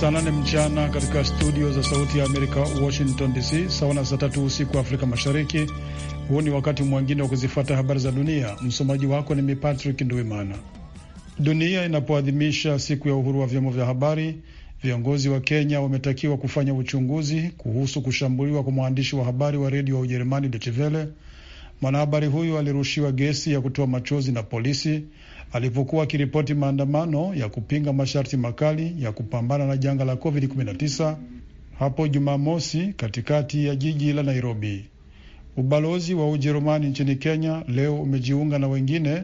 saa nane mchana katika studio za Sauti ya Amerika, Washington DC, sawa na saa tatu usiku wa Afrika Mashariki. Huu ni wakati mwingine wa kuzifata habari za dunia. Msomaji wako ni mipatrick Patrick Dunia inapoadhimisha siku ya uhuru wa vyombo vya habari, viongozi wa Kenya wametakiwa kufanya uchunguzi kuhusu kushambuliwa kwa mwandishi wa habari wa redio wa Ujerumani Deutsche Welle. Mwanahabari huyu alirushiwa gesi ya kutoa machozi na polisi alipokuwa akiripoti maandamano ya kupinga masharti makali ya kupambana na janga la COVID-19 hapo Jumamosi katikati ya jiji la Nairobi. Ubalozi wa Ujerumani nchini Kenya leo umejiunga na wengine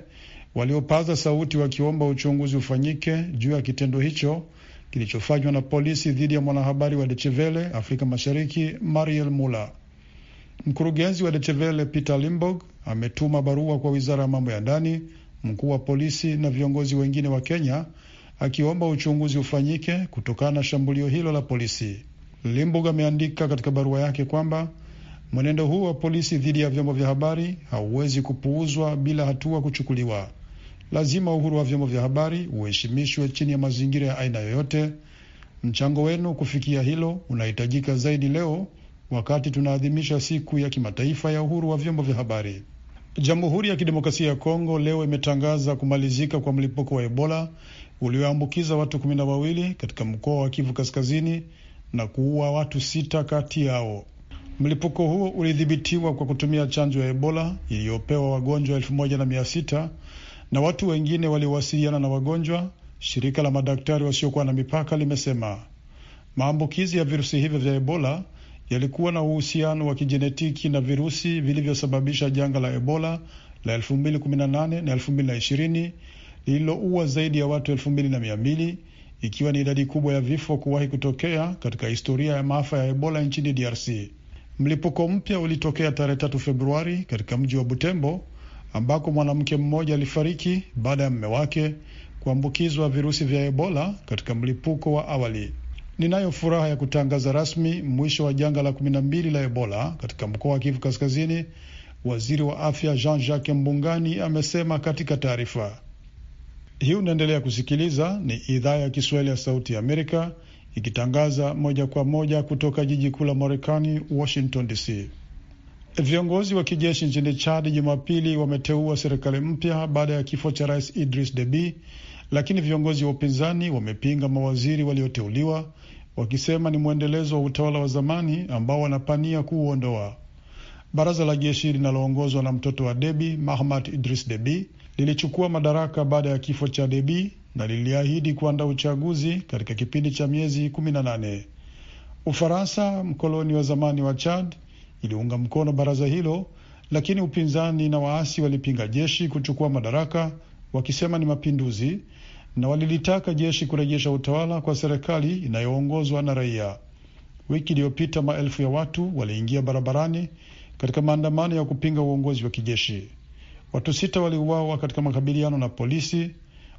waliopaza sauti wakiomba uchunguzi ufanyike juu ya kitendo hicho kilichofanywa na polisi dhidi ya mwanahabari wa Dechevele Afrika Mashariki Mariel Mula. Mkurugenzi wa Dechevele Peter Limbog ametuma barua kwa wizara ya mambo ya ndani mkuu wa polisi na viongozi wengine wa Kenya akiomba uchunguzi ufanyike kutokana na shambulio hilo la polisi. limbug ameandika katika barua yake kwamba mwenendo huu wa polisi dhidi ya vyombo vya habari hauwezi kupuuzwa bila hatua kuchukuliwa. Lazima uhuru wa vyombo vya habari uheshimishwe chini ya mazingira ya aina yoyote. Mchango wenu kufikia hilo unahitajika zaidi leo wakati tunaadhimisha siku ya kimataifa ya uhuru wa vyombo vya habari. Jamhuri ya Kidemokrasia ya Kongo leo imetangaza kumalizika kwa mlipuko wa Ebola ulioambukiza watu kumi na wawili katika mkoa wa Kivu Kaskazini na kuua watu sita kati yao. Mlipuko huo ulidhibitiwa kwa kutumia chanjo ya Ebola iliyopewa wagonjwa elfu moja na mia sita na watu wengine waliowasiliana na wagonjwa. Shirika la madaktari wasiokuwa na mipaka limesema maambukizi ya virusi hivyo vya Ebola yalikuwa na uhusiano wa kijenetiki na virusi vilivyosababisha janga la Ebola la 2018 na 2020 lililoua zaidi ya watu 2200 ikiwa ni idadi kubwa ya vifo kuwahi kutokea katika historia ya maafa ya Ebola nchini DRC. Mlipuko mpya ulitokea tarehe tatu Februari katika mji wa Butembo ambako mwanamke mmoja alifariki baada ya mme wake kuambukizwa virusi vya Ebola katika mlipuko wa awali. Ninayo furaha ya kutangaza rasmi mwisho wa janga la kumi na mbili la Ebola katika mkoa wa Kivu Kaskazini, waziri wa afya Jean-Jacques Mbungani amesema katika taarifa hii. Unaendelea kusikiliza ni idhaa ya Kiswahili ya Sauti ya Amerika ikitangaza moja kwa moja kutoka jiji kuu la Marekani, Washington DC. Viongozi wa kijeshi nchini Chad Jumapili wameteua serikali mpya baada ya kifo cha rais Idris Deby, lakini viongozi wa upinzani wamepinga mawaziri walioteuliwa wakisema ni mwendelezo wa utawala wa zamani ambao wanapania kuuondoa. Baraza la jeshi linaloongozwa na mtoto wa Debi, Mahamat Idris Debi, lilichukua madaraka baada ya kifo cha Debi na liliahidi kuandaa uchaguzi katika kipindi cha miezi 18. Ufaransa, mkoloni wa zamani wa Chad, iliunga mkono baraza hilo, lakini upinzani na waasi walipinga jeshi kuchukua madaraka, wakisema ni mapinduzi na walilitaka jeshi kurejesha utawala kwa serikali inayoongozwa na raia. Wiki iliyopita maelfu ya watu waliingia barabarani katika maandamano ya kupinga uongozi wa kijeshi. Watu sita waliuawa katika makabiliano na polisi.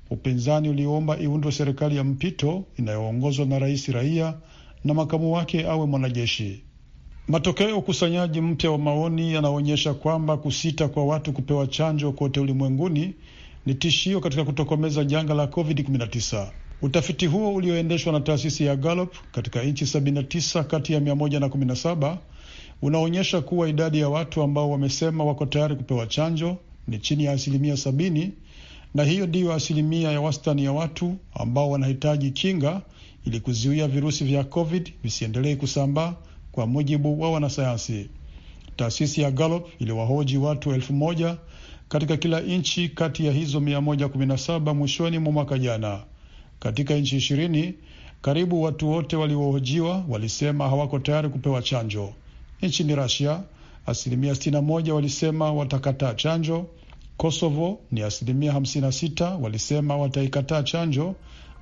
Upinzani uliomba iundwe serikali ya mpito inayoongozwa na rais raia na makamu wake awe mwanajeshi. Matokeo ya ukusanyaji mpya wa maoni yanaonyesha kwamba kusita kwa watu kupewa chanjo kote ulimwenguni ni tishio katika kutokomeza janga la COVID-19. Utafiti huo ulioendeshwa na taasisi ya Gallup katika nchi 79 kati ya 117 unaonyesha kuwa idadi ya watu ambao wamesema wako tayari kupewa chanjo ni chini ya asilimia sabini, na hiyo ndiyo asilimia ya wastani ya watu ambao wanahitaji kinga ili kuzuia virusi vya COVID visiendelee kusambaa, kwa mujibu wa wanasayansi. Taasisi ya Gallup iliwahoji watu elfu moja katika kila nchi kati ya hizo 117 mwishoni mwa mwaka jana. Katika nchi ishirini, karibu watu wote waliohojiwa walisema hawako tayari kupewa chanjo. Nchini Rasia asilimia 61 walisema watakataa chanjo. Kosovo ni asilimia 56 walisema wataikataa chanjo,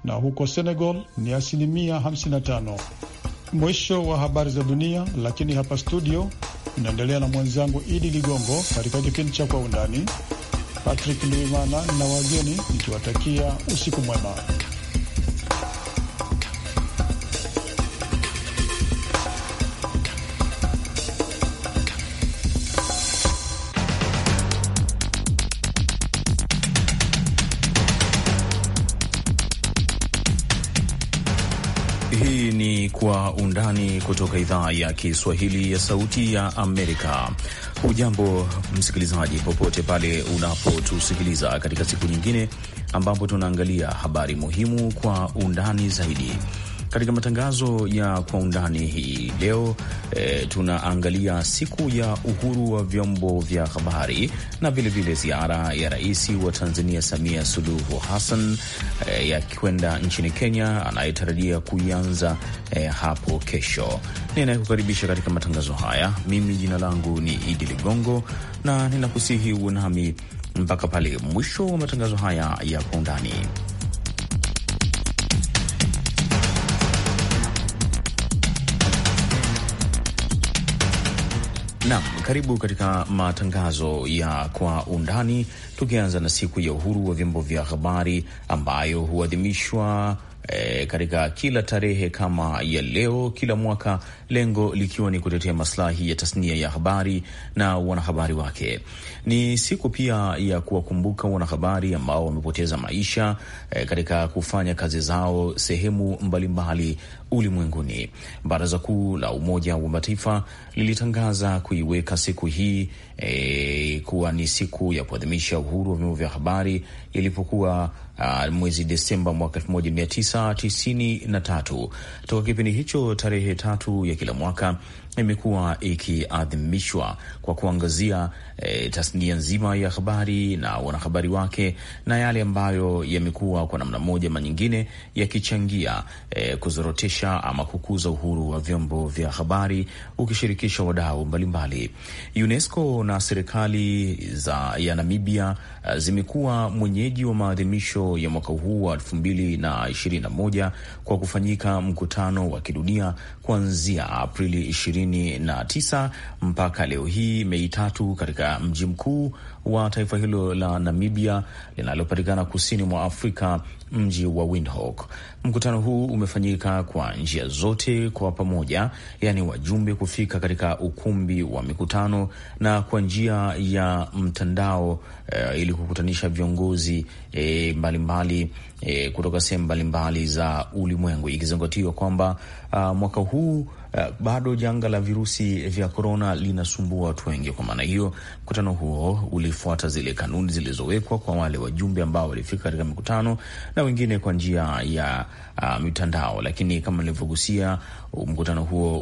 na huko Senegal ni asilimia 55. Mwisho wa habari za dunia, lakini hapa studio Inaendelea na mwenzangu Idi Ligongo katika kipindi cha Kwa Undani. Patrick Nduimana na wageni nikiwatakia usiku mwema. undani kutoka idhaa ya Kiswahili ya Sauti ya Amerika. Hujambo msikilizaji, popote pale unapotusikiliza katika siku nyingine ambapo tunaangalia habari muhimu kwa undani zaidi katika matangazo ya kwa undani hii leo e, tunaangalia siku ya uhuru wa vyombo vya habari na vilevile ziara ya rais wa Tanzania Samia Suluhu Hassan e, ya kwenda nchini Kenya anayetarajia kuianza e, hapo kesho. Ninayekukaribisha katika matangazo haya mimi jina langu ni Idi Ligongo na ninakusihi uwe nami mpaka pale mwisho wa matangazo haya ya kwa undani. Naam, karibu katika matangazo ya kwa undani, tukianza na siku ya uhuru wa vyombo vya habari ambayo huadhimishwa E, katika kila tarehe kama ya leo kila mwaka lengo likiwa ni kutetea maslahi ya tasnia ya habari na wanahabari wake. Ni siku pia ya kuwakumbuka wanahabari ambao wamepoteza maisha eh, katika kufanya kazi zao sehemu mbalimbali ulimwenguni. Baraza Kuu la Umoja wa Mataifa lilitangaza kuiweka siku hii e, kuwa ni siku ya kuadhimisha uhuru wa vyombo vya habari ilipokuwa Uh, mwezi Desemba mwaka elfu moja mia tisa tisini na tatu. Toka kipindi hicho tarehe tatu ya kila mwaka imekuwa ikiadhimishwa kwa kuangazia e, tasnia nzima ya habari na wanahabari wake na yale ambayo yamekuwa kwa namna moja ama nyingine yakichangia e, kuzorotesha ama kukuza uhuru wa vyombo vya habari ukishirikisha wadau mbalimbali. UNESCO na serikali za ya Namibia e, zimekuwa mwenyeji wa maadhimisho ya mwaka huu wa elfu mbili na ishirini na moja kwa kufanyika mkutano wa kidunia kuanzia Aprili 29 mpaka leo hii Mei tatu katika mji mkuu wa taifa hilo la Namibia linalopatikana kusini mwa Afrika, mji wa Windhoek. Mkutano huu umefanyika kwa njia zote kwa pamoja, yaani wajumbe kufika katika ukumbi wa mikutano na kwa njia ya mtandao eh, ili kukutanisha viongozi eh, mbalimbali eh, eh, kutoka sehemu mbalimbali za ulimwengu ikizingatiwa kwamba uh, mwaka huu Eh, bado janga la virusi vya korona linasumbua watu wengi. Kwa maana hiyo, mkutano huo ulifuata zile kanuni zilizowekwa kwa wale wajumbe ambao walifika katika mikutano na wengine kwa njia ya uh, mitandao. Lakini kama nilivyogusia, mkutano huo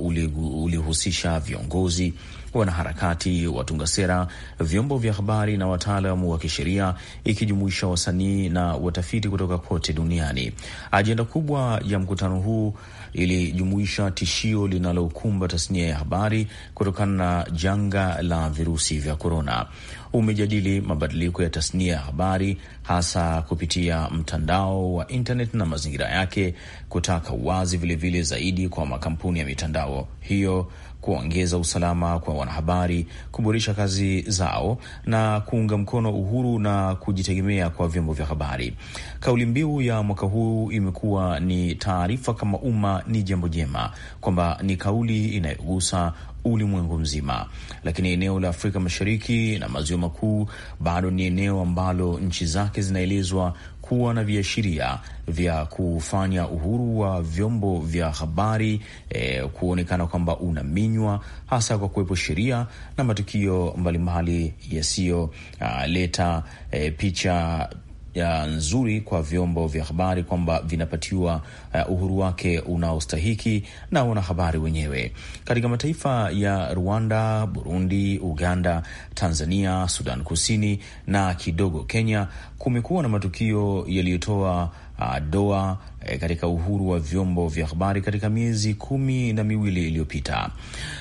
ulihusisha viongozi wanaharakati, watunga sera, vyombo vya habari na wataalamu wa kisheria, ikijumuisha wasanii na watafiti kutoka kote duniani. Ajenda kubwa ya mkutano huu ilijumuisha tishio linalokumba tasnia ya habari kutokana na janga la virusi vya korona umejadili mabadiliko ya tasnia ya habari hasa kupitia mtandao wa internet na mazingira yake, kutaka uwazi vilevile vile zaidi kwa makampuni ya mitandao hiyo, kuongeza usalama kwa wanahabari, kuboresha kazi zao na kuunga mkono uhuru na kujitegemea kwa vyombo vya habari. Kauli mbiu ya mwaka huu imekuwa ni taarifa kama umma ni jambo jema, kwamba ni kauli inayogusa ulimwengu mzima, lakini eneo la Afrika Mashariki na maziwa makuu bado ni eneo ambalo nchi zake zinaelezwa kuwa na viashiria vya kufanya uhuru wa vyombo vya habari e, kuonekana kwamba unaminywa hasa kwa kuwepo sheria na matukio mbalimbali yasiyoleta e, picha ya nzuri kwa vyombo vya habari kwamba vinapatiwa uh, uhuru wake unaostahiki na wanahabari wenyewe. Katika mataifa ya Rwanda, Burundi, Uganda, Tanzania, Sudan Kusini na kidogo Kenya, kumekuwa na matukio yaliyotoa uh, doa eh, katika uhuru wa vyombo vya habari katika miezi kumi na miwili iliyopita.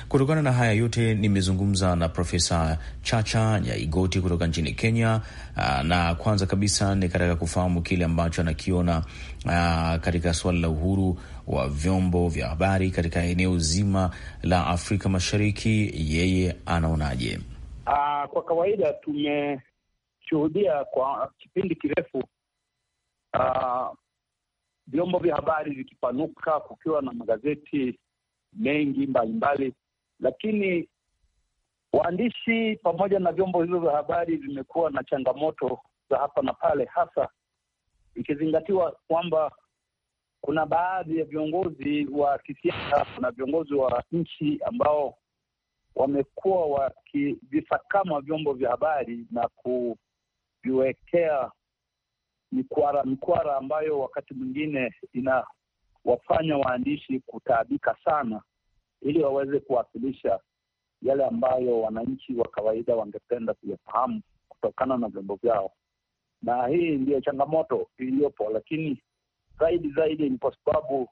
Kutokana na haya yote, nimezungumza na Profesa Chacha Nyaigoti kutoka nchini Kenya, uh, na kwanza kabisa nikataka kufahamu kile ambacho anakiona uh, katika suala la uhuru wa vyombo vya habari katika eneo zima la Afrika Mashariki. Yeye anaonaje? Uh, kwa kawaida tume tumeshuhudia kwa kipindi kirefu ah, vyombo uh, vya habari vikipanuka, kukiwa na magazeti mengi mbalimbali, lakini waandishi pamoja na vyombo hivyo vya habari vimekuwa na changamoto za hapa na pale, hasa ikizingatiwa kwamba kuna baadhi ya viongozi wa kisiasa na viongozi wa nchi ambao wamekuwa wakivifakama vyombo vya habari na ku kujiwekea mikwara mikwara ambayo wakati mwingine inawafanya waandishi kutaabika sana, ili waweze kuwasilisha yale ambayo wananchi wa kawaida wangependa kuyafahamu kutokana na vyombo vyao, na hii ndiyo changamoto iliyopo, lakini zaidi zaidi ni kwa sababu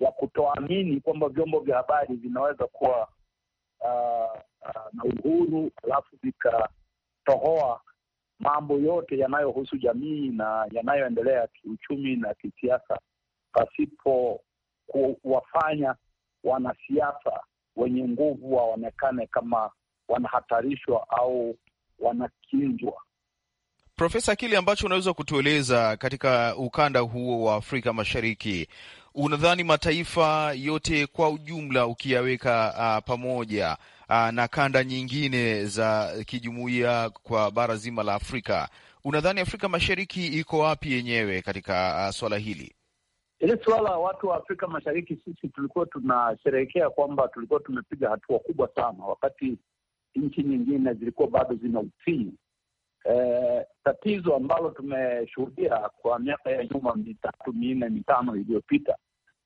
ya kutoamini kwamba vyombo vya habari vinaweza kuwa uh, uh, na uhuru alafu vikatohoa mambo yote yanayohusu jamii na yanayoendelea kiuchumi na kisiasa, pasipo kuwafanya wanasiasa wenye nguvu waonekane kama wanahatarishwa au wanakinzwa. Profesa, kile ambacho unaweza kutueleza katika ukanda huo wa Afrika Mashariki unadhani mataifa yote kwa ujumla ukiyaweka uh, pamoja uh, na kanda nyingine za kijumuiya kwa bara zima la Afrika, unadhani Afrika Mashariki iko wapi yenyewe katika uh, swala hili? Ile suala watu wa Afrika Mashariki, sisi tulikuwa tunasherehekea kwamba tulikuwa tumepiga hatua kubwa sana, wakati nchi nyingine zilikuwa bado zina ufinyu. Eh, tatizo ambalo tumeshuhudia kwa miaka ya nyuma mitatu minne mitano iliyopita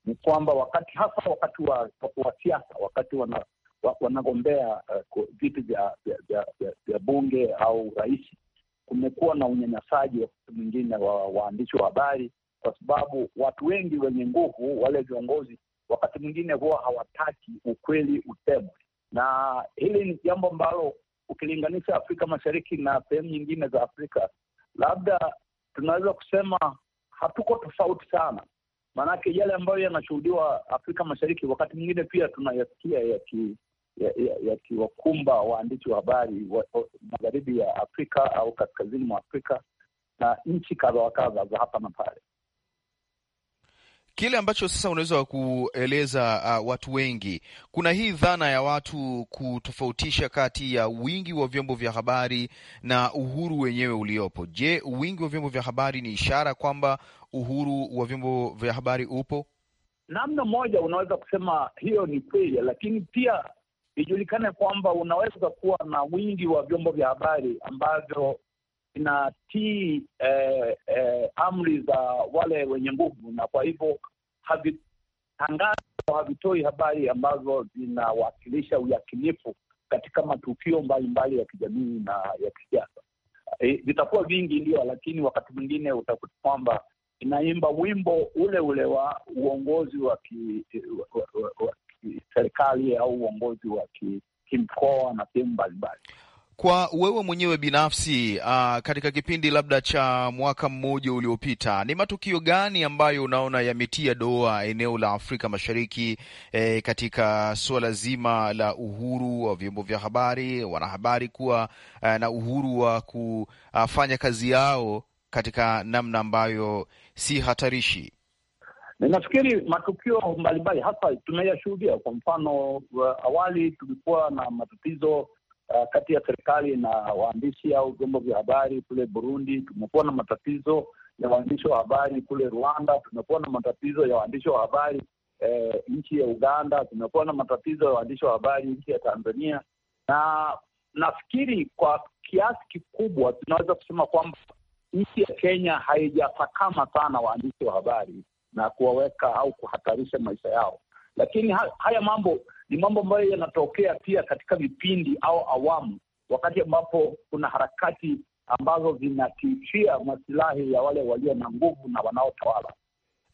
ni kwamba wakati hasa wakati wa, wa siasa wakati wana, wa, wanagombea uh, viti vya bunge au rahisi kumekuwa na unyanyasaji wakati mwingine wa waandishi wa habari, kwa sababu watu wengi wenye nguvu, wale viongozi, wakati mwingine huwa hawataki ukweli usemwe, na hili ni jambo ambalo ukilinganisha Afrika Mashariki na sehemu nyingine za Afrika, labda tunaweza kusema hatuko tofauti sana maanake yale ambayo yanashuhudiwa Afrika Mashariki wakati mwingine pia tunayasikia yakiwakumba ya waandishi wa habari wa, wa, magharibi ya Afrika au kaskazini mwa Afrika na nchi kadha wa kadha za hapa na pale. Kile ambacho sasa unaweza kueleza uh, watu wengi, kuna hii dhana ya watu kutofautisha kati ya wingi wa vyombo vya habari na uhuru wenyewe uliopo. Je, wingi wa vyombo vya habari ni ishara kwamba uhuru wa vyombo vya habari upo? Namna moja unaweza kusema hiyo ni kweli, lakini pia ijulikane kwamba unaweza kuwa na wingi wa vyombo vya habari ambavyo inatii eh, eh, amri za wale wenye nguvu, na kwa hivyo havitangazi au havitoi habari ambazo zinawakilisha uyakinifu katika matukio mbalimbali ya kijamii na ya kisiasa. E, vitakuwa vingi ndio, lakini wakati mwingine utakuta kwamba inaimba wimbo ule ule wa uongozi wa kiserikali au uongozi wa kimkoa na sehemu mbalimbali. Kwa wewe mwenyewe binafsi uh, katika kipindi labda cha mwaka mmoja uliopita, ni matukio gani ambayo unaona yametia doa eneo la Afrika Mashariki eh, katika suala zima la uhuru wa vyombo vya habari, wanahabari kuwa uh, na uhuru wa kufanya kazi yao katika namna ambayo si hatarishi? Ninafikiri matukio mbalimbali hasa tumeyashuhudia. Kwa mfano, eh, awali tulikuwa na matatizo uh, kati ya serikali na waandishi au vyombo vya habari kule Burundi. Tumekuwa na matatizo ya waandishi wa habari kule Rwanda. Tumekuwa na matatizo ya waandishi wa habari eh, nchi ya Uganda. Tumekuwa na matatizo ya waandishi wa habari nchi ya Tanzania, na nafikiri kwa kiasi kikubwa tunaweza kusema kwamba nchi ya Kenya haijasakama sana waandishi wa habari na kuwaweka au kuhatarisha maisha yao, lakini ha haya mambo ni mambo ambayo yanatokea pia katika vipindi au awamu, wakati ambapo kuna harakati ambazo zinatishia masilahi ya wale walio na nguvu na wanaotawala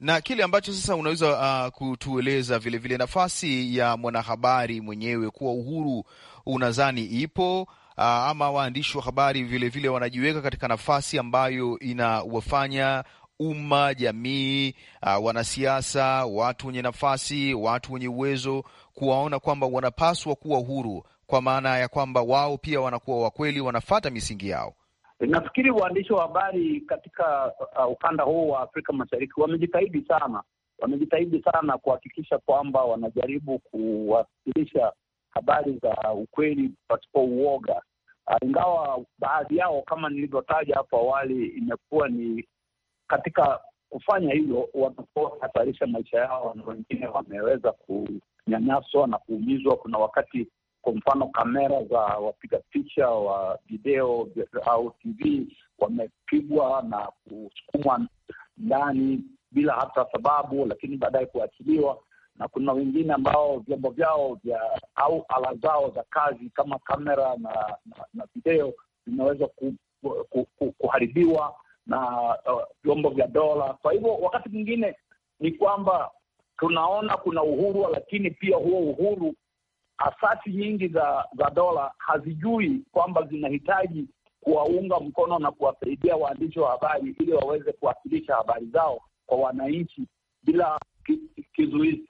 na kile ambacho sasa unaweza uh, kutueleza vilevile vile nafasi ya mwanahabari mwenyewe kuwa uhuru unadhani ipo uh, ama waandishi wa habari vilevile vile wanajiweka katika nafasi ambayo inawafanya umma, jamii, uh, wanasiasa, watu wenye nafasi, watu wenye uwezo kuwaona kwamba wanapaswa kuwa huru, kwa maana ya kwamba wao pia wanakuwa wakweli, wanafata misingi yao. Nafikiri waandishi wa habari katika uh, ukanda huu wa Afrika Mashariki wamejitahidi sana, wamejitahidi sana kuhakikisha kwamba wanajaribu kuwasilisha habari za ukweli pasipo uoga. Uh, ingawa baadhi yao kama nilivyotaja hapo awali, imekuwa ni katika kufanya hilo wamekuwa wanahatarisha maisha yao, na wengine wameweza ku, kunyanyaswa na kuumizwa. Kuna wakati kwa mfano kamera za wapiga picha wa video au TV wamepigwa na kusukumwa ndani bila hata sababu, lakini baadaye kuachiliwa. Na kuna wengine ambao vyombo vyao vya au ala zao za kazi kama kamera na, na, na video vinaweza ku, ku, ku, kuharibiwa na uh, vyombo uh, vya dola. Kwa hivyo wakati mwingine ni kwamba tunaona kuna uhuru, lakini pia huo uhuru, asasi nyingi za za dola hazijui kwamba zinahitaji kuwaunga mkono na kuwasaidia waandishi wa habari ili waweze kuwasilisha habari zao kwa wananchi bila kizuizi.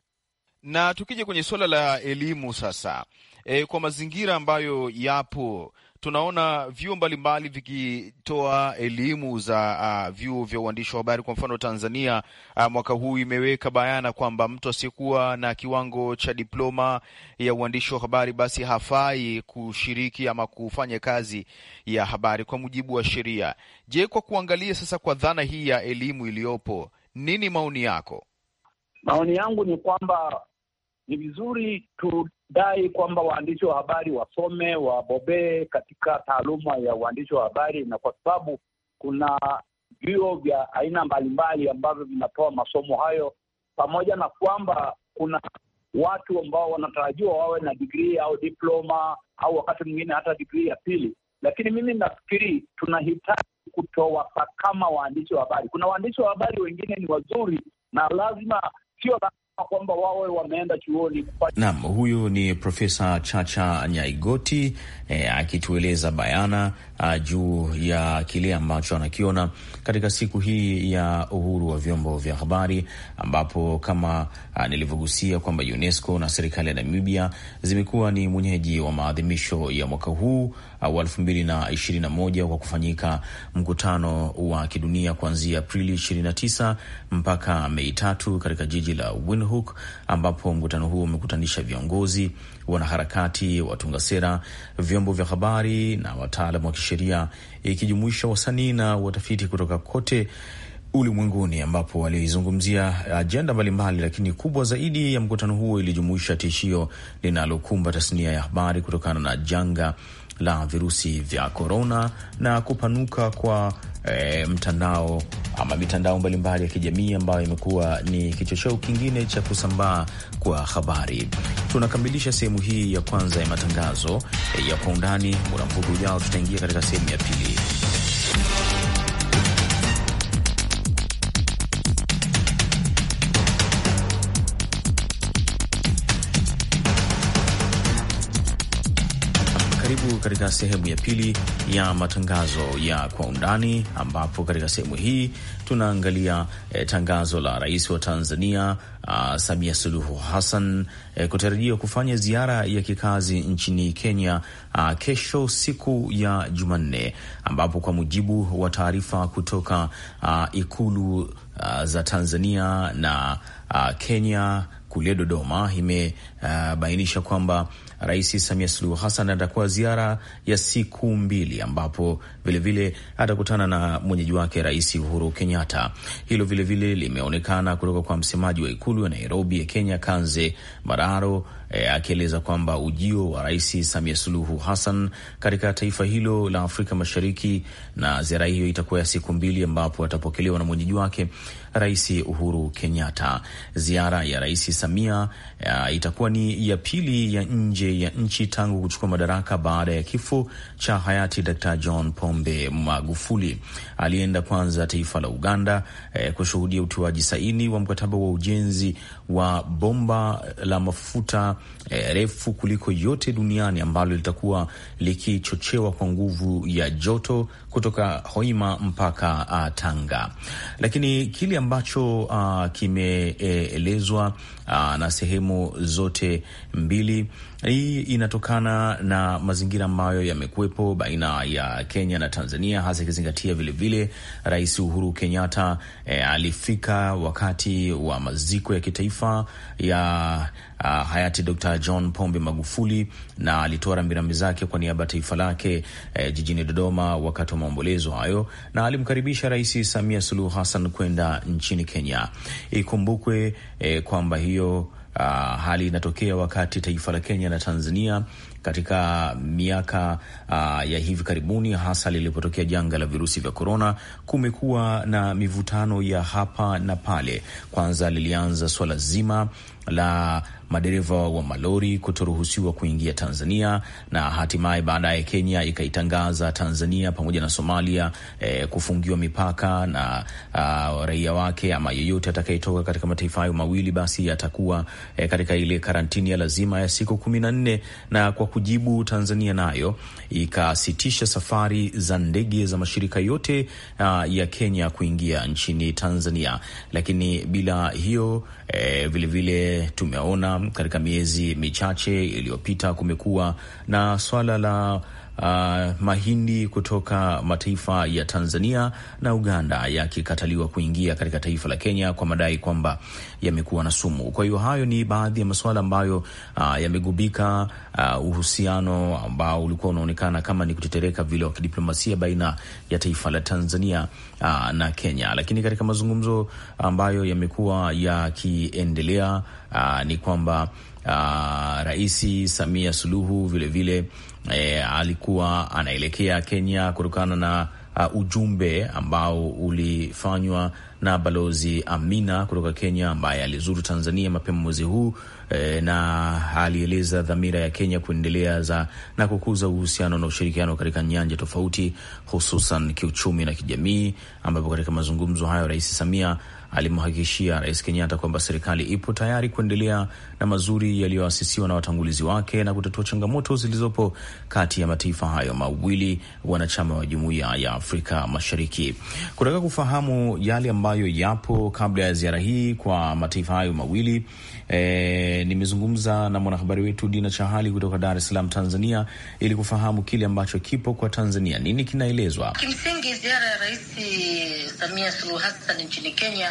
Na tukija kwenye suala la elimu sasa, e, kwa mazingira ambayo yapo tunaona vyuo mbalimbali vikitoa elimu za uh, vyuo vya uandishi wa habari. Kwa mfano Tanzania, uh, mwaka huu imeweka bayana kwamba mtu asiyekuwa na kiwango cha diploma ya uandishi wa habari basi hafai kushiriki ama kufanya kazi ya habari kwa mujibu wa sheria. Je, kwa kuangalia sasa kwa dhana hii ya elimu iliyopo, nini maoni yako? Maoni yangu ni kwamba ni vizuri tudai kwamba waandishi wa habari wasome, wabobee katika taaluma ya uandishi wa habari, na kwa sababu kuna vyuo vya aina mbalimbali ambavyo vinatoa masomo hayo, pamoja na kwamba kuna watu ambao wanatarajiwa wawe na digrii au diploma au wakati mwingine hata digrii ya pili, lakini mimi nafikiri tunahitaji kutowapa kama waandishi wa habari. Kuna waandishi wa habari wengine ni wazuri na lazima, sio lazima kwamba wawe wameenda chuoni. Naam, huyu ni Profesa Chacha Nyaigoti eh, akitueleza bayana ah, juu ya kile ambacho anakiona katika siku hii ya uhuru wa vyombo vya habari, ambapo kama ah, nilivyogusia kwamba UNESCO na serikali ya Namibia zimekuwa ni mwenyeji wa maadhimisho ya mwaka huu Uh, wa elfu mbili na ishirini na moja kwa kufanyika mkutano wa kidunia kuanzia Aprili 29 mpaka Mei tatu katika jiji la Windhoek, ambapo mkutano huo umekutanisha viongozi, wanaharakati, watunga sera, vyombo vya habari na wataalam wa kisheria, ikijumuisha wasanii na watafiti kutoka kote ulimwenguni ambapo walizungumzia ajenda mbalimbali, lakini kubwa zaidi ya mkutano huo ilijumuisha tishio linalokumba tasnia ya habari kutokana na janga la virusi vya korona na kupanuka kwa e, mtandao ama mitandao mbalimbali ya kijamii ambayo imekuwa ni kichocheo kingine cha kusambaa kwa habari. Tunakamilisha sehemu hii ya kwanza ya matangazo ya kwa undani. Muda mfupi ujao, tutaingia katika sehemu ya pili. karibu katika sehemu ya pili ya matangazo ya kwa undani, ambapo katika sehemu hii tunaangalia eh, tangazo la rais wa Tanzania ah, Samia Suluhu Hassan eh, kutarajia kufanya ziara ya kikazi nchini Kenya ah, kesho siku ya Jumanne, ambapo kwa mujibu wa taarifa kutoka ah, ikulu ah, za Tanzania na ah, Kenya kule Dodoma imebainisha ah, uh, kwamba Rais Samia Suluhu Hassan atakuwa ziara ya siku mbili, ambapo vilevile atakutana na mwenyeji wake Rais Uhuru Kenyatta. Hilo vilevile limeonekana kutoka kwa msemaji wa ikulu ya Nairobi ya Kenya, Kanze Mararo e, akieleza kwamba ujio wa Rais Samia Suluhu Hassan katika taifa hilo la Afrika Mashariki na ziara hiyo itakuwa ya siku mbili, ambapo atapokelewa na mwenyeji wake Rais Uhuru Kenyatta. Ziara ya Rais Samia ya e, itakuwa ni ya pili ya nje ya nchi tangu kuchukua madaraka baada ya kifo cha hayati Dr. John Pombe Magufuli. Alienda kwanza taifa la Uganda e, kushuhudia utoaji saini wa mkataba wa ujenzi wa bomba la mafuta e, refu kuliko yote duniani ambalo litakuwa likichochewa kwa nguvu ya joto kutoka Hoima mpaka uh, Tanga. Lakini kile ambacho uh, kimeelezwa uh, na sehemu zote mbili, hii inatokana na mazingira ambayo yamekuwepo baina ya Kenya na Tanzania, hasa ikizingatia vilevile Rais Uhuru Kenyatta eh, alifika wakati wa maziko ya kitaifa ya Uh, hayati Dr. John Pombe Magufuli na alitoa rambirambi zake kwa niaba ya taifa lake eh, jijini Dodoma wakati wa maombolezo hayo na alimkaribisha Rais Samia Suluhu Hassan kwenda nchini Kenya. Ikumbukwe e, kwamba hiyo Uh, hali inatokea wakati taifa la Kenya na Tanzania katika miaka uh, ya hivi karibuni hasa lilipotokea janga la virusi vya korona, kumekuwa na mivutano ya hapa na pale. Kwanza lilianza swala zima la madereva wa malori kutoruhusiwa kuingia Tanzania na hatimaye baadaye Kenya ikaitangaza Tanzania pamoja na Somalia eh, kufungiwa mipaka na uh, raia wake ama yeyote atakayetoka katika mataifa hayo mawili basi atakuwa eh, katika ile karantini ya lazima ya siku kumi na nne. Na kwa kujibu, Tanzania nayo ikasitisha safari za ndege za mashirika yote uh, ya Kenya kuingia nchini Tanzania, lakini bila hiyo eh, vilevile tumeona katika miezi michache iliyopita kumekuwa na swala la uh, mahindi kutoka mataifa ya Tanzania na Uganda yakikataliwa kuingia katika taifa la Kenya kwa madai kwamba yamekuwa na sumu. Kwa hiyo hayo ni baadhi ya masuala ambayo uh, yamegubika uh, uhusiano ambao ulikuwa unaonekana kama ni kutetereka vile wa kidiplomasia baina ya taifa la Tanzania uh, na Kenya, lakini katika mazungumzo ambayo yamekuwa yakiendelea uh, ni kwamba Uh, Raisi Samia Suluhu vilevile vile, e, alikuwa anaelekea Kenya kutokana na uh, ujumbe ambao ulifanywa na Balozi Amina kutoka Kenya ambaye alizuru Tanzania mapema mwezi huu e, na alieleza dhamira ya Kenya za na kukuza uhusiano na ushirikiano katika nyanja tofauti, hususan kiuchumi na kijamii, ambapo katika mazungumzo hayo Rais Samia alimhakikishia Rais Kenyatta kwamba serikali ipo tayari kuendelea na mazuri yaliyoasisiwa na watangulizi wake na kutatua changamoto zilizopo kati ya mataifa hayo mawili wanachama wa Jumuiya ya Afrika Mashariki. Kutaka kufahamu yale ambayo yapo kabla ya ziara hii kwa mataifa hayo mawili e, nimezungumza na mwanahabari wetu Dina Chahali kutoka Dar es Salaam, Tanzania, ili kufahamu kile ambacho kipo kwa Tanzania, nini kinaelezwa. Kimsingi ziara ya Rais Samia Suluhu Hassan nchini Kenya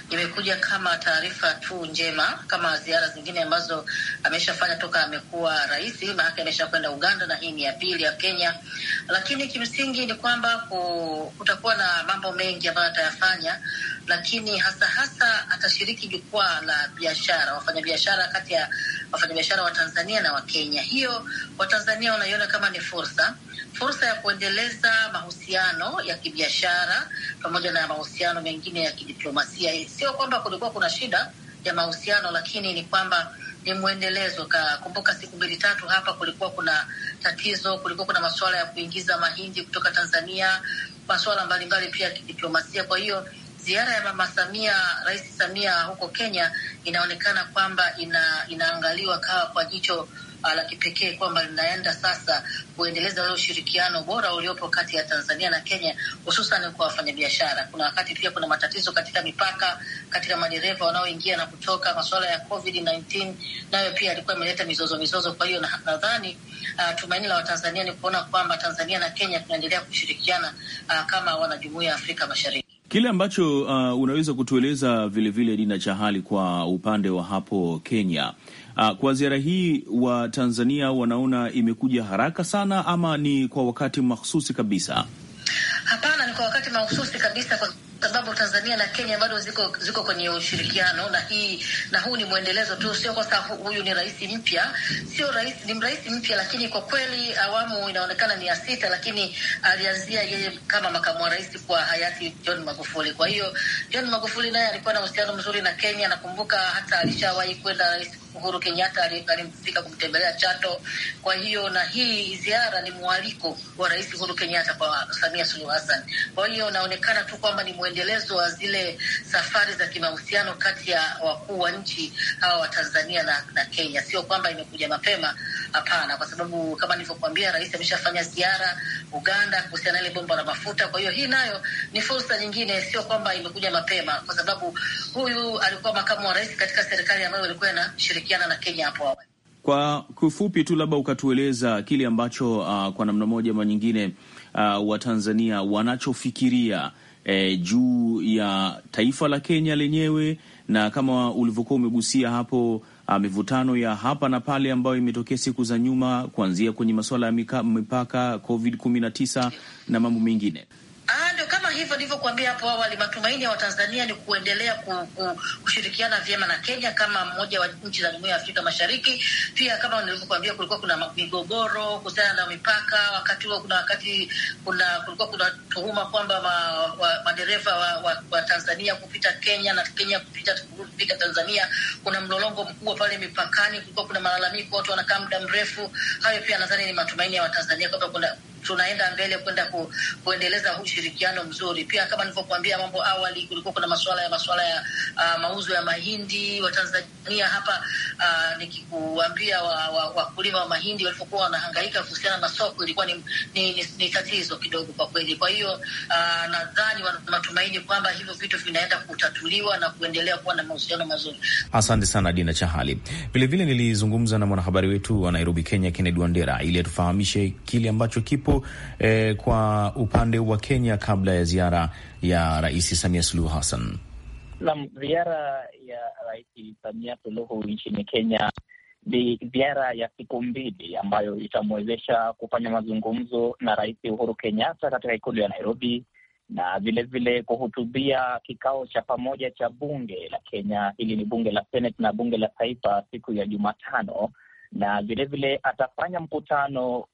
imekuja kama taarifa tu njema, kama ziara zingine ambazo ameshafanya toka amekuwa rais, maanake ameshakwenda Uganda na hii ni ya pili ya Kenya. Lakini kimsingi ni kwamba kutakuwa na mambo mengi ambayo atayafanya, lakini hasa hasa atashiriki jukwaa la biashara, wafanyabiashara kati ya wafanyabiashara wa Tanzania na wa Kenya. Hiyo Watanzania wanaiona kama ni fursa fursa ya kuendeleza mahusiano ya kibiashara pamoja na mahusiano mengine ya kidiplomasia sio kwamba kulikuwa kuna shida ya mahusiano, lakini ni kwamba ni mwendelezo. Kumbuka siku mbili tatu hapa kulikuwa kuna tatizo, kulikuwa kuna masuala ya kuingiza mahindi kutoka Tanzania, masuala mbalimbali pia ya kidiplomasia. Kwa hiyo ziara ya mama Samia, Rais Samia huko Kenya inaonekana kwamba ina, inaangaliwa kawa kwa jicho la kipekee kwamba linaenda sasa kuendeleza ule ushirikiano bora uliopo kati ya Tanzania na Kenya, hususan kwa wafanyabiashara. Kuna wakati pia kuna matatizo katika mipaka, katika madereva wanaoingia na kutoka. Masuala ya Covid 19 nayo pia alikuwa imeleta mizozo mizozo. Kwa hiyo nadhani uh, tumaini la Watanzania ni kuona kwamba Tanzania na Kenya tunaendelea kushirikiana uh, kama wanajumuia ya Afrika Mashariki. Kile ambacho uh, unaweza kutueleza vilevile Dina Chahali kwa upande wa hapo Kenya, uh, kwa ziara hii wa Tanzania wanaona imekuja haraka sana ama ni kwa wakati mahususi kabisa? Hapana, ni kwa wakati mahususi kabisa kwa sababu Tanzania na Kenya bado ziko ziko kwenye ushirikiano, na hii na huu ni mwendelezo tu, sio kwa sababu huyu ni rais mpya, sio rais, ni rais mpya, lakini kwa kweli awamu inaonekana ni ya sita, lakini alianzia yeye kama makamu wa rais kwa hayati John Magufuli. Kwa hiyo John Magufuli naye alikuwa na uhusiano mzuri na Kenya. Nakumbuka hata alishawahi kwenda rais Uhuru Kenyatta alimfika kumtembelea Chato. Kwa hiyo na hii ziara ni mwaliko wa Rais Uhuru Kenyatta kwa Samia Suluhu Hassan. Kwa hiyo inaonekana tu kwamba ni mwendelezo wa zile safari za kimahusiano kati ya wakuu wa nchi hawa wa Tanzania na, na Kenya. Sio kwamba imekuja mapema, hapana, kwa sababu kama nilivyokuambia, rais ameshafanya ziara Uganda kuhusiana ile bomba la mafuta. Kwa hiyo hii nayo ni fursa nyingine, sio kwamba imekuja mapema, kwa sababu huyu alikuwa makamu wa rais katika serikali ambayo ilikuwa na kushirikiana na Kenya hapo awali. Kwa kifupi tu, labda ukatueleza kile ambacho uh, kwa namna moja ama nyingine uh, Watanzania wanachofikiria eh, juu ya taifa la Kenya lenyewe na kama ulivyokuwa umegusia hapo uh, mivutano ya hapa na pale ambayo imetokea siku za nyuma kuanzia kwenye masuala ya mipaka COVID 19 na mambo mengine ah hivyo kama hivyo nilivyokuambia hapo awali, matumaini ya Watanzania ni kuendelea ku, ku, kushirikiana vyema na Kenya kama mmoja wa nchi za Jumuiya ya Afrika Mashariki. Pia kama nilivyokuambia, kulikuwa kuna migogoro kuhusiana na mipaka wakati huo, kuna wakati kuna kulikuwa kuna tuhuma kwamba madereva wa, wa, wa Tanzania kupita Kenya na Kenya kupita, kufika Tanzania. Kuna mlolongo mkubwa pale mipakani, kulikuwa kuna malalamiko, watu wanakaa muda mrefu. Hayo pia nadhani ni matumaini ya Watanzania kwamba tunaenda mbele kwenda ku, kuendeleza ushirikiano ushirikiano mzuri. Pia kama nilivyokuambia mambo awali, kulikuwa kuna masuala ya masuala ya uh, mauzo ya mahindi Watanzania hapa uh, nikikuambia wakulima wa, wa, wa mahindi walivyokuwa wanahangaika kuhusiana na soko ilikuwa ni, ni, ni, ni tatizo kidogo kwa kweli. Kwa hiyo uh, nadhani wana matumaini kwamba hivyo vitu vinaenda kutatuliwa na kuendelea kuwa na mahusiano mazuri. Asante sana Dina Chahali. Vilevile nilizungumza na mwanahabari wetu wa Nairobi, Kenya, Kennedy Wandera ili atufahamishe kile ambacho kipo eh, kwa upande wa Kenya kabla kabla ya ziara ya Rais Samia Suluhu Hassan? Naam, ziara ya Rais Samia Suluhu nchini Kenya ni ziara ya siku mbili ambayo itamwezesha kufanya mazungumzo na Rais Uhuru Kenyatta katika ikulu ya Nairobi na vilevile kuhutubia kikao cha pamoja cha bunge la Kenya. Hili ni bunge la Seneti na bunge la Taifa siku ya Jumatano, na vilevile atafanya mkutano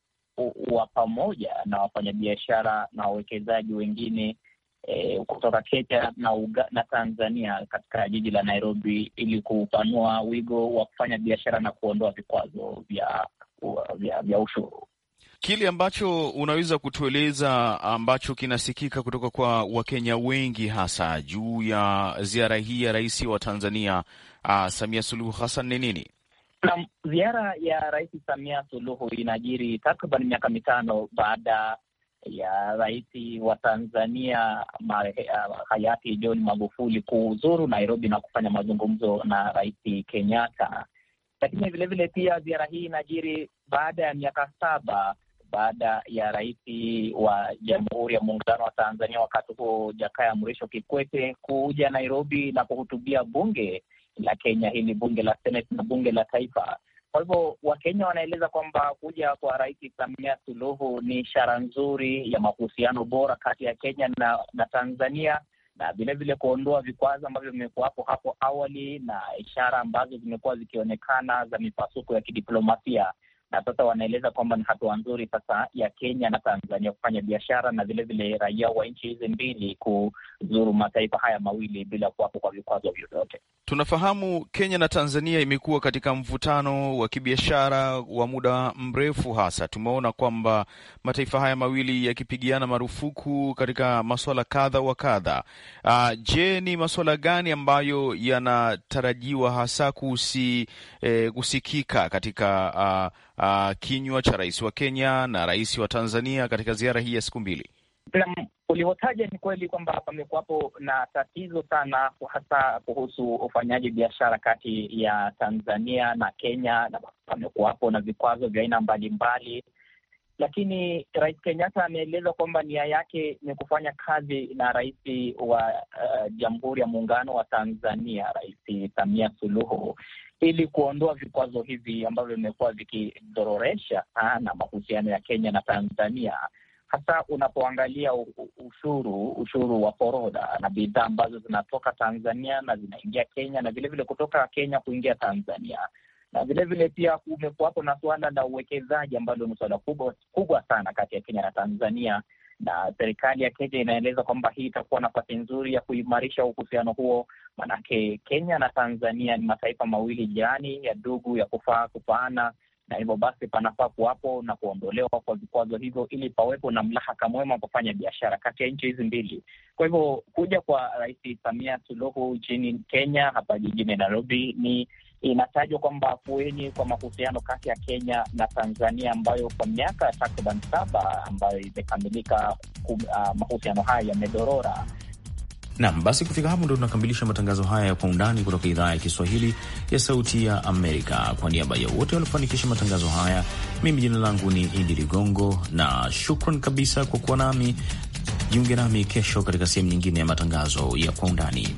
wa pamoja na wafanyabiashara na wawekezaji wengine e, kutoka Kenya na na Tanzania katika jiji la Nairobi ili kupanua wigo wa kufanya biashara na kuondoa vikwazo vya, vya, vya ushuru. Kile ambacho unaweza kutueleza ambacho kinasikika kutoka kwa Wakenya wengi hasa juu ya ziara hii ya rais wa Tanzania uh, Samia Suluhu Hassan ni nini? Na ziara ya Rais Samia Suluhu inajiri takriban miaka mitano baada ya rais wa Tanzania hayati John Magufuli kuuzuru Nairobi na kufanya mazungumzo na Rais Kenyatta. Lakini vilevile pia ziara hii inajiri baada ya miaka saba baada ya rais wa Jamhuri ya Muungano wa Tanzania wakati huo Jakaya Mrisho Kikwete kuja Nairobi na kuhutubia bunge la Kenya, hili bunge la Senate na bunge la taifa. Kwa hivyo Wakenya wanaeleza kwamba kuja kwa Rais Samia Suluhu ni ishara nzuri ya mahusiano bora kati ya Kenya na, na Tanzania na vilevile kuondoa vikwazo ambavyo vimekuwapo hapo awali na ishara ambazo zimekuwa zikionekana za mipasuko ya kidiplomasia na sasa wanaeleza kwamba ni hatua nzuri sasa ya Kenya na Tanzania kufanya biashara na vilevile raia wa nchi hizi mbili kuzuru mataifa haya mawili bila kuwapo kwa vikwazo vyovyote. Tunafahamu Kenya na Tanzania imekuwa katika mvutano wa kibiashara wa muda mrefu, hasa tumeona kwamba mataifa haya mawili yakipigiana marufuku katika maswala kadha wa kadha. Uh, je, ni maswala gani ambayo yanatarajiwa hasa kusi, eh, kusikika katika uh, uh, kinywa cha rais wa Kenya na rais wa Tanzania katika ziara hii ya siku mbili? Ulivyotaja ni kweli kwamba pamekuwapo na tatizo sana, hasa kuhusu ufanyaji biashara kati ya Tanzania na Kenya, na pamekuwapo na vikwazo vya aina mbalimbali, lakini rais Kenyatta ameeleza kwamba nia yake ni kufanya kazi na rais wa uh, Jamhuri ya Muungano wa Tanzania, Rais Samia Suluhu, ili kuondoa vikwazo hivi ambavyo vimekuwa vikidhororesha sana ah, mahusiano ya Kenya na Tanzania, hasa unapoangalia ushuru ushuru wa forodha na bidhaa ambazo zinatoka Tanzania na zinaingia Kenya na vilevile vile kutoka Kenya kuingia Tanzania na vilevile pia kumekuwapo na suala la uwekezaji ambalo ni suala kubwa kubwa sana kati ya Kenya na Tanzania, na serikali ya Kenya inaeleza kwamba hii itakuwa nafasi nzuri ya kuimarisha uhusiano huo, manake Kenya na Tanzania ni mataifa mawili jirani ya ndugu ya kufaa kufaana, na hivyo basi panafaa kuwapo na kuondolewa kwa vikwazo hivyo ili pawepo na mlahaka mwema kufanya biashara kati ya nchi hizi mbili. Kwa hivyo kuja kwa Rais Samia Suluhu nchini Kenya hapa jijini Nairobi ni Inatajwa kwamba afueni kwa mahusiano kati ya Kenya na Tanzania ambayo kwa miaka takriban saba ambayo imekamilika, uh, mahusiano haya yamedorora. Nam, basi kufika hapo ndo tunakamilisha matangazo haya ya kwa undani kutoka idhaa ya Kiswahili ya Sauti ya Amerika. Kwa niaba ya wote waliofanikisha matangazo haya, mimi jina langu ni Idi Ligongo na shukran kabisa kwa kuwa nami. Jiunge nami kesho katika sehemu nyingine ya matangazo ya kwa undani.